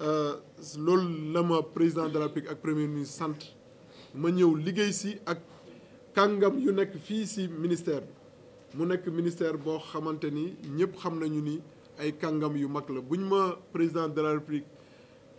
Euh, loolu la ma président de la République ak premier ministre sant ma ñëw liggéey si ak yu nek fi si ministère mu nek ministère bo xamanteni ñepp xam nañu ni ay kangam yu mag la buñ ma président de la République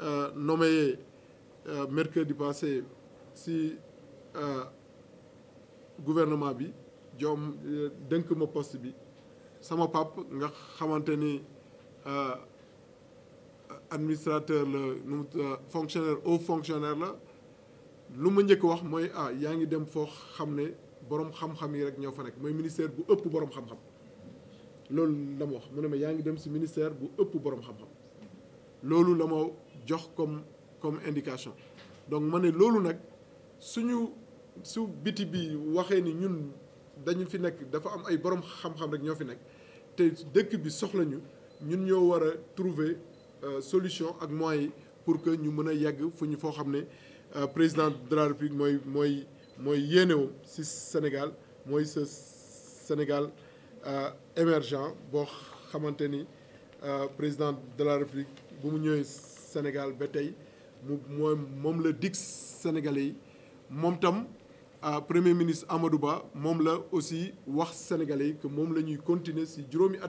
euh, nommé euh, mercredi passé si gouvernement bi joom dënk ma poste bi sama pap nga xamanteni euh administrateur le fonctionnaire haut fonctionnaire la lu ma ah dem borom xam-xam ministère bu ëpp borom xam-xam loolu la wax mu ne ma ministère bu borom xam-xam la jox comme comme indication donc ma ne loolu suñu su biti bi ni ñun dañu fi dafa am ay borom xam-xam rek trouver euh, solution ak moyens pour que nous mëna yegg fu ñu euh, président de la république moy ci Sénégal Sénégal euh, émergent président de la république bu Sénégal ba Sénégalais mom premier ministre Amadou Ba la aussi wax Sénégalais que mom la continuer ci at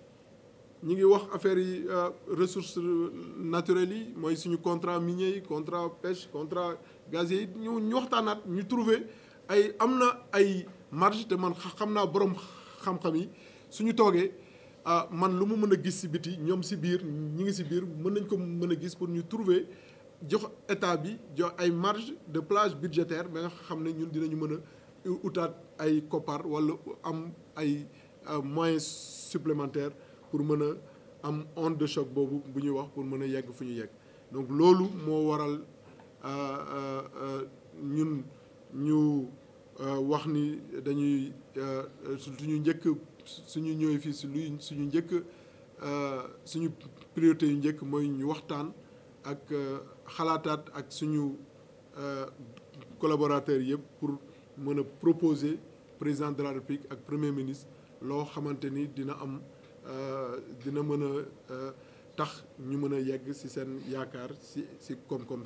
ñu ngi wax affaire yi euh, ressources naturelles yi mooy suñu contrat minier contrat pêche contrat gazier ñu ñu waxtaanaat ñu trouver ay amna ay marge te man xamna borom xam-xam yi suñu togué ah, man lu mu a gis ci biti ñom ci biir ñi ngi ci biir mën nañ ko mëna gis pour ñu trouver jox état bi jox ay marge de plage budgétaire ba nga xamné ñun dinañu mëna outat ay copar. wala am ay euh, moyens supplémentaires pour mener am de choc pour yegg yegg donc lolu mo waral euh, euh, euh, ñun ñu wax ni dañuy suñu priorité yu ñu waxtaan ak ak suñu collaborateurs pour proposer président de la république ak premier ministre lors xamanteni dina Euh, dina mën a euh, tax ñu mën a yegg ci seen yaakaar ci ci koom-koom